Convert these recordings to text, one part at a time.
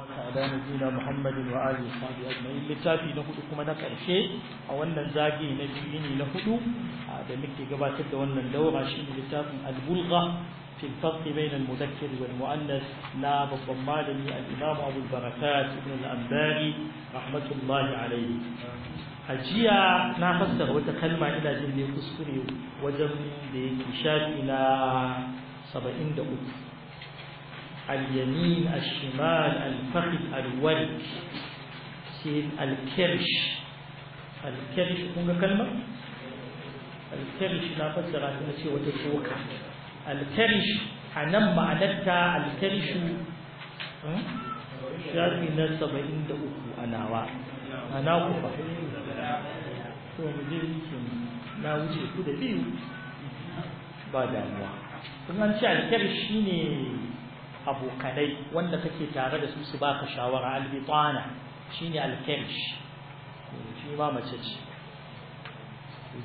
sa'adani dina muhammadin wa ali sa'adu ajma'in littafi na hudu kuma na karshe a wannan zagi na biyu ne na hudu da muke gabatar da wannan daura shi ne littafin al-bulgha fi al-fasl bayna al-mudakkir wal na babban malami al-imam abu al-barakat ibn al-anbari rahmatullahi alayhi hajiya na fassara wata kalma ina jin ne kuskure wajen da yake shafi na 73 اليمين الشمال الفخذ الورد سين الكرش الكرش كون كلمة الكرش لا فسر عن نسي وتشوكا الكرش أنم معنتا الكرش شافي ناس بين دقوق أنا وا أنا وفا to mu je na wuce ku da biyu ba damuwa kun an ce alkyar shine abokanai wanda kake tare da su su baka shawara albitana shine alkensh shi ma mace ce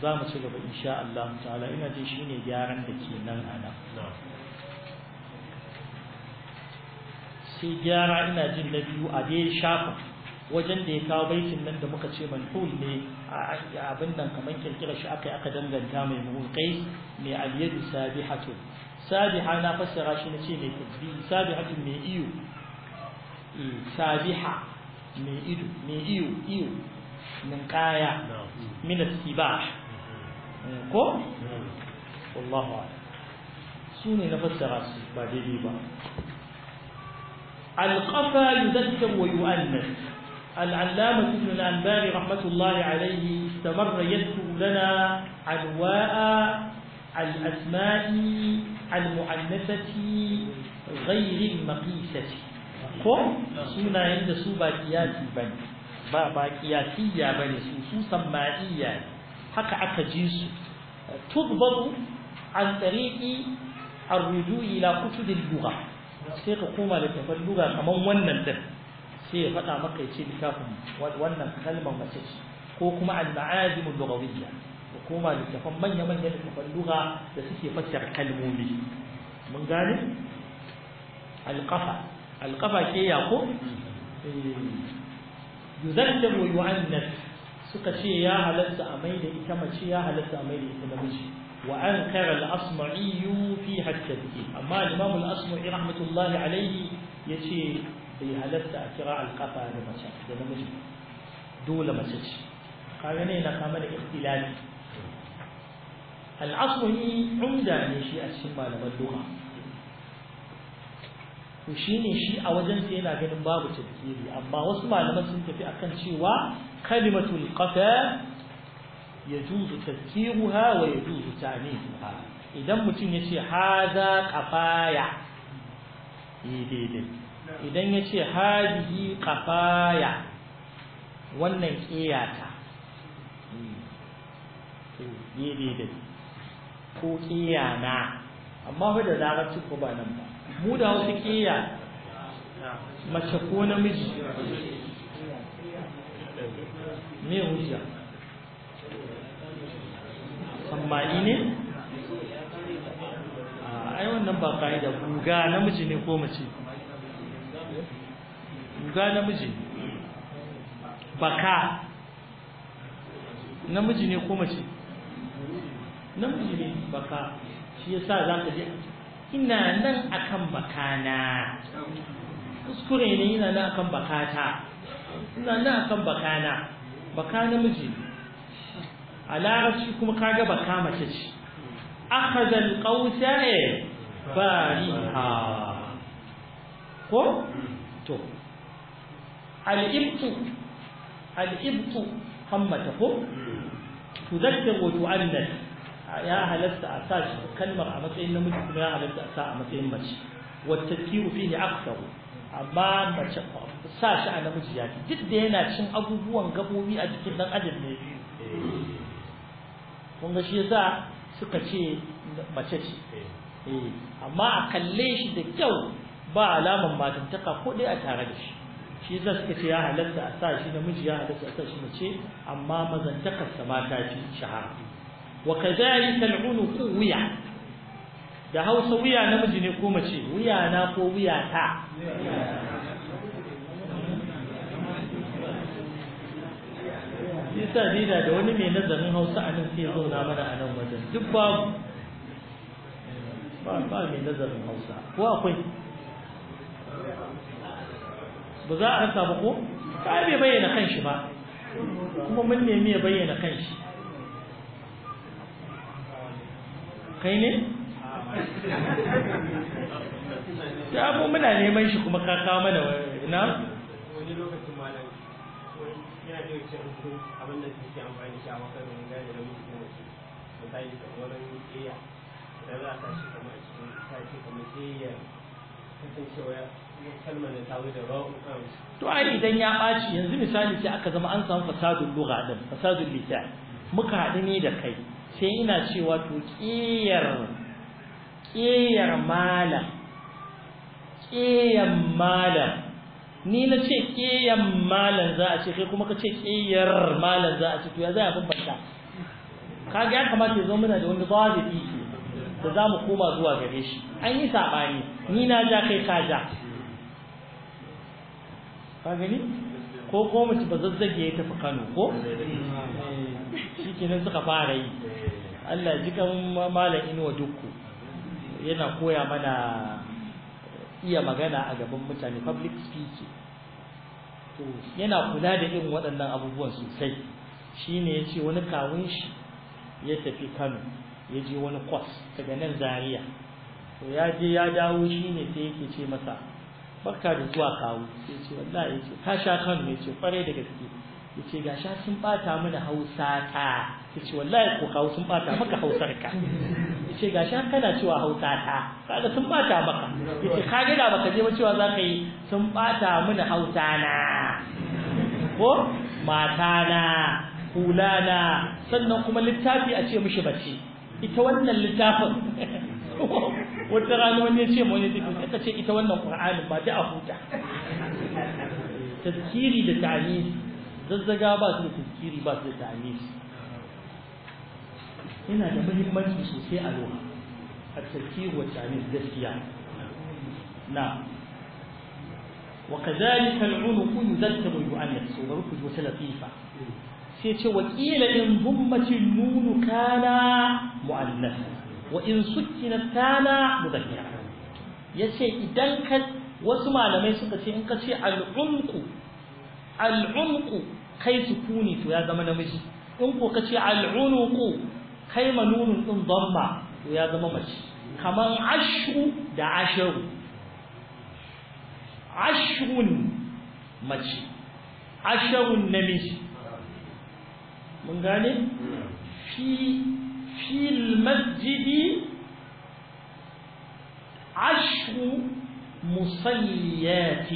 za mu ci gaba insha Allah ta'ala ina ji shine gyaran da ke nan a nan sai gyara ina jin na biyu a dai shafin, wajen da ya kawo baitin nan da muka ce manhul ne abin nan kamar kirkira shi aka yi aka danganta mai mulkai mai aliyadu sabihatu سابحة أنا فسر عشان شيء مكتبي سابحة ميئو سابحة ميئو ميئو إيو من كايا نعم. من السباح كو الله أعلم سوني نفسر عشان بعد ديبا القفا يذكر ويؤنث العلامة ابن الأنباري رحمة الله عليه استمر يذكر لنا عنواء الأسماء المؤنثة غير المقيسة ko sunayen da su ba kiyasi ba ne ba ba ba ne su su samma'iyya ne haka aka ji su tudbabu an tsariƙi arruju ila kutubin lugha sai ka koma da tafar lugha kamar wannan din sai ya faɗa maka ya ce littafin wannan kalmar mace ko kuma al-ma'azimul lughawiyya ku koma littafan manya-manyan littafan lugha da suke fassara kalmomi mun gane alƙafa alƙafa ke ya ko eh, yuzannabu yu'annas suka ce ya halatta a mai da ita mace ya halatta a mai da ita namiji wa an kara al-asma'i fi hakkati amma al-imam al-asma'i rahmatullahi alayhi yace bai halatta a kira alqafa da mace da namiji dole mace ce kaga ne na kama da ikhtilafi al'aslu ni ne shi a cikin malaman ku shi ne shi a wajen yana ganin babu tafsiri amma wasu malaman sun tafi a kan cewa kalimatul ya yajuzu tafkiruha wa yajuzu ta'mimuha idan mutum yace haza kafaya eh, idan ya yace hadihi kafaya wannan kiyata hmm. ko na, amma fa da larabci ko ba nan ba mu da wasu kiya mace ko namiji me hujja sammani ne ai wannan ba ka'ida guga namiji ne ko mace guga namiji baka namiji ne ko mace namiji ne baka shi yasa za ka ji ina nan akan bakana kuskure ne ina nan akan bakata ina nan akan bakana baka namiji a larabci kuma kaga baka mace ce akhadha alqawsa bariha ko to al-ibtu al-ibtu hammata ko تذكر وتؤنث ya halatta a sa kalmar a matsayin namiji kuma ya halatta a sa a matsayin mace wata ne aka aksaru amma mace sa shi a namiji ya fi duk da yana cin abubuwan gabobi a jikin dan adam ne biyu kun ga shi yasa suka ce mace ce amma a kalle shi da kyau ba alaman matantaka ko dai a tare da shi shi yasa suka ce ya halatta a sa shi namiji ya halatta a sa shi mace amma mazantakarsa mata fi shahara وكذلك العنق ويا da hausa wuya namiji ne ko mace wuya na ko wuya ta isa dida da wani mai nazarin hausa a nan sai ya zauna mana a nan wajen duk babu ba mai nazarin hausa ko akwai ba za a rasa ba ko Ba bai bayyana kanshi ba kuma mun nemi ya bayyana kanshi kai ne ta abu muna neman shi kuma ka kawo mana na wani lokacin malam yana da yake abin da suke amfani shi a makar da da wurin da idan ya ɓaci yanzu misali sai aka zama an samu fasadun lugha din fasadun lisa muka haɗu ne da kai sai ina cewa to ƙiyar ƙiyar malam ƙiyar malam ni na ce ƙiyar malam za a ce kai kuma ka ce ƙiyar malam za a ce to ya za a bambanta kaga ya kamata ya zo muna da wani zawabi ke da za mu koma zuwa gare shi an yi saɓani ni na ja kai ka ja ka gani ko ko mutu ba zazzage ya tafi kano ko kenan suka fara yi Allah ji kan malam inuwa dukku yana koya mana iya magana a gaban mutane public speaking yana kula da irin waɗannan abubuwan sosai shine ya ce wani kawun shi ya tafi Kano ya je wani kwas daga nan Zaria to ya je ya dawo ne sai yake ce masa barka da zuwa kawo sai ce wallahi ya ce ka sha Kano ya ce kware da gaske yace gasha sun bata mana Hausa ta ce wallahi ko kawo sun bata maka Hausar ka yace gasha kana cewa Hausa ta kaga sun bata maka ce kage da baka je ba cewa ka yi sun bata mana Hausa na ko mata na hula na sannan kuma littafi a ce mishi bace ita wannan littafin wata rana wani ya ce ma wani dukkan ka ce ita wannan Qur'anin ba ta a huta tafkiri da ta'ani zazzaga ba su da tazkiri ba su da ta'anis Ina da mahimmanci sosai a lura a tazkiri wa ta'anis gaskiya na وكذلك العنق يذكر يؤنث وبرك وتلطيفة سيتي وقيل إن ضمت النون كان مؤنثا وإن سكنت كان مذكرا yace idan ka wasu malamai suka ce in ka ce العنق كي تكوني تو يا زمان مشي انكو كتي العنق كي منون ان ضمع ويا زمان مشي كما عشر دا عشر عشر مشي عشر نمشي من غاني في في المسجد عشر مصليات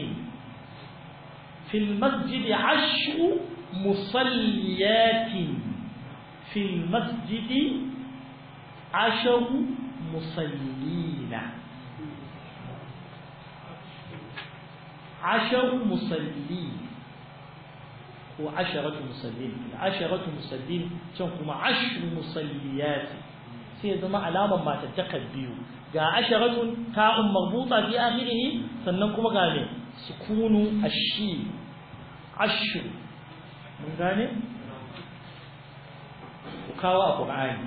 في المسجد عشر مصليات في المسجد عشر مصلين عشر مصلين وعشرة مصلين عشرة مصلين تنقم عشر مصليات سيدنا علامة ما تتقبل جاء عشرة تاء مربوطة في آخره سننقم قال سكون الشيء عشر من ذاني وكاوا أبو عاني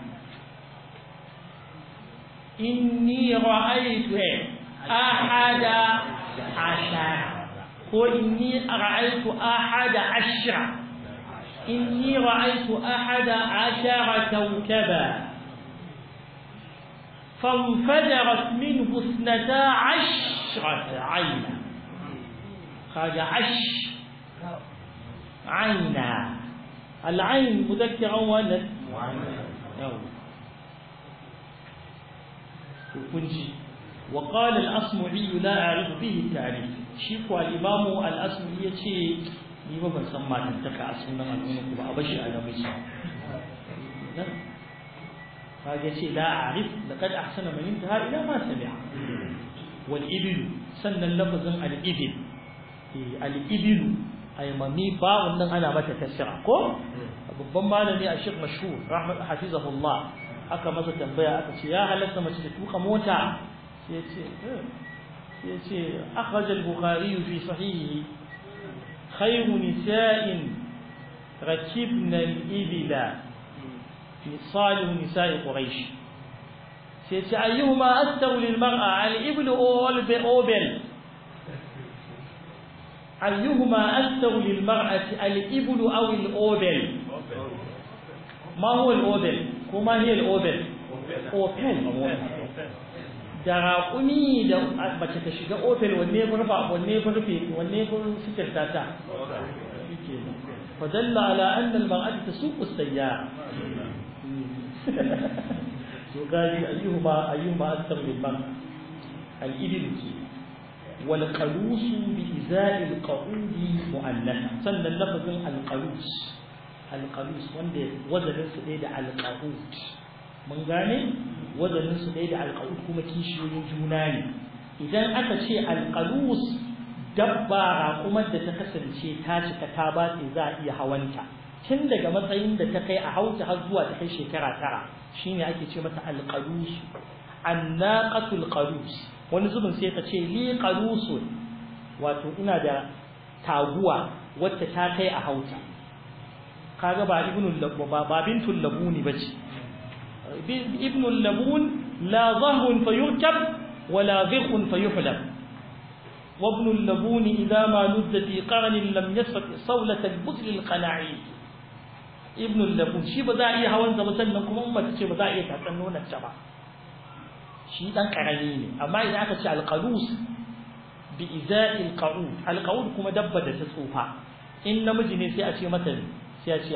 إني رأيت أحد عشر وإني رأيت أحد عشر إني رأيت أحد عشر كوكبا فانفجرت منه اثنتا عشرة عينا خرج عشر عينا العين مذكر أو مؤنث كنجي وقال الأصمعي لا أعرف به التعريف شيخ الإمام الأصمعي يتي ni ba ban san matan ta ka sunan al'umma ba a bashi a gaban shi kaga ce la a'rif laqad ahsana man intaha ila ma sami'a wal ibilu sannan lafazin al ibil al Aimami ba wannan ana mata kasra ko babban malami a shek mashhur rahmat hafizahullah aka masa tambaya aka ce ya halatta mace da tuka mota sai ce eh. sai ce akhraj al-bukhari fi sahihi khayru nisa'in rakibna al-ibla misalu nisa'i quraish sai ce ayyuhuma astawu lil mar'a al-iblu aw al-obel أيهما أستر للمرأة الإبل أو الأوبل ما هو الأوبل وما هي الأوبل أوبل da raƙumi da mace ta shiga opel wanne ya rufa wanne ya rufe wanne ya sikirta ta fa dalla ala anna al mar'ata tasuqu as-sayyara والقلوس بإزاء القعود مؤنثا سنة لفظ القلوس القلوس وندي وزن سديد القعود من غاني وزن سديد القعود كما كيشيون جوناني إذا أتى القلوس dabba raƙumar da ta kasance ta ta batse za a iya hawanta tun daga matsayin da ta kai a hauta har zuwa ta kai shekara tara shine ake ce mata alqalus annaqatul qalus wani zubin sai ta ce li qarusun wato ina da taguwa wacce ta kai a hauta kaga ba ibnul labu ba bintul labuni bace ibnul labun la dhahrun fayurkab wala dhikhun fayuhlab وابن اللبون إذا ما لد في قرن لم يسبق صولة البذل القناعي ابن اللبون شي بذائي هون زبطن لكم أمة شي بذائي تتنون الشباب shi dan karami ne amma idan aka ce alqalus bi iza'il qaud alqaud kuma dabba da ta tsufa in namiji ne sai a ce mata sai a ce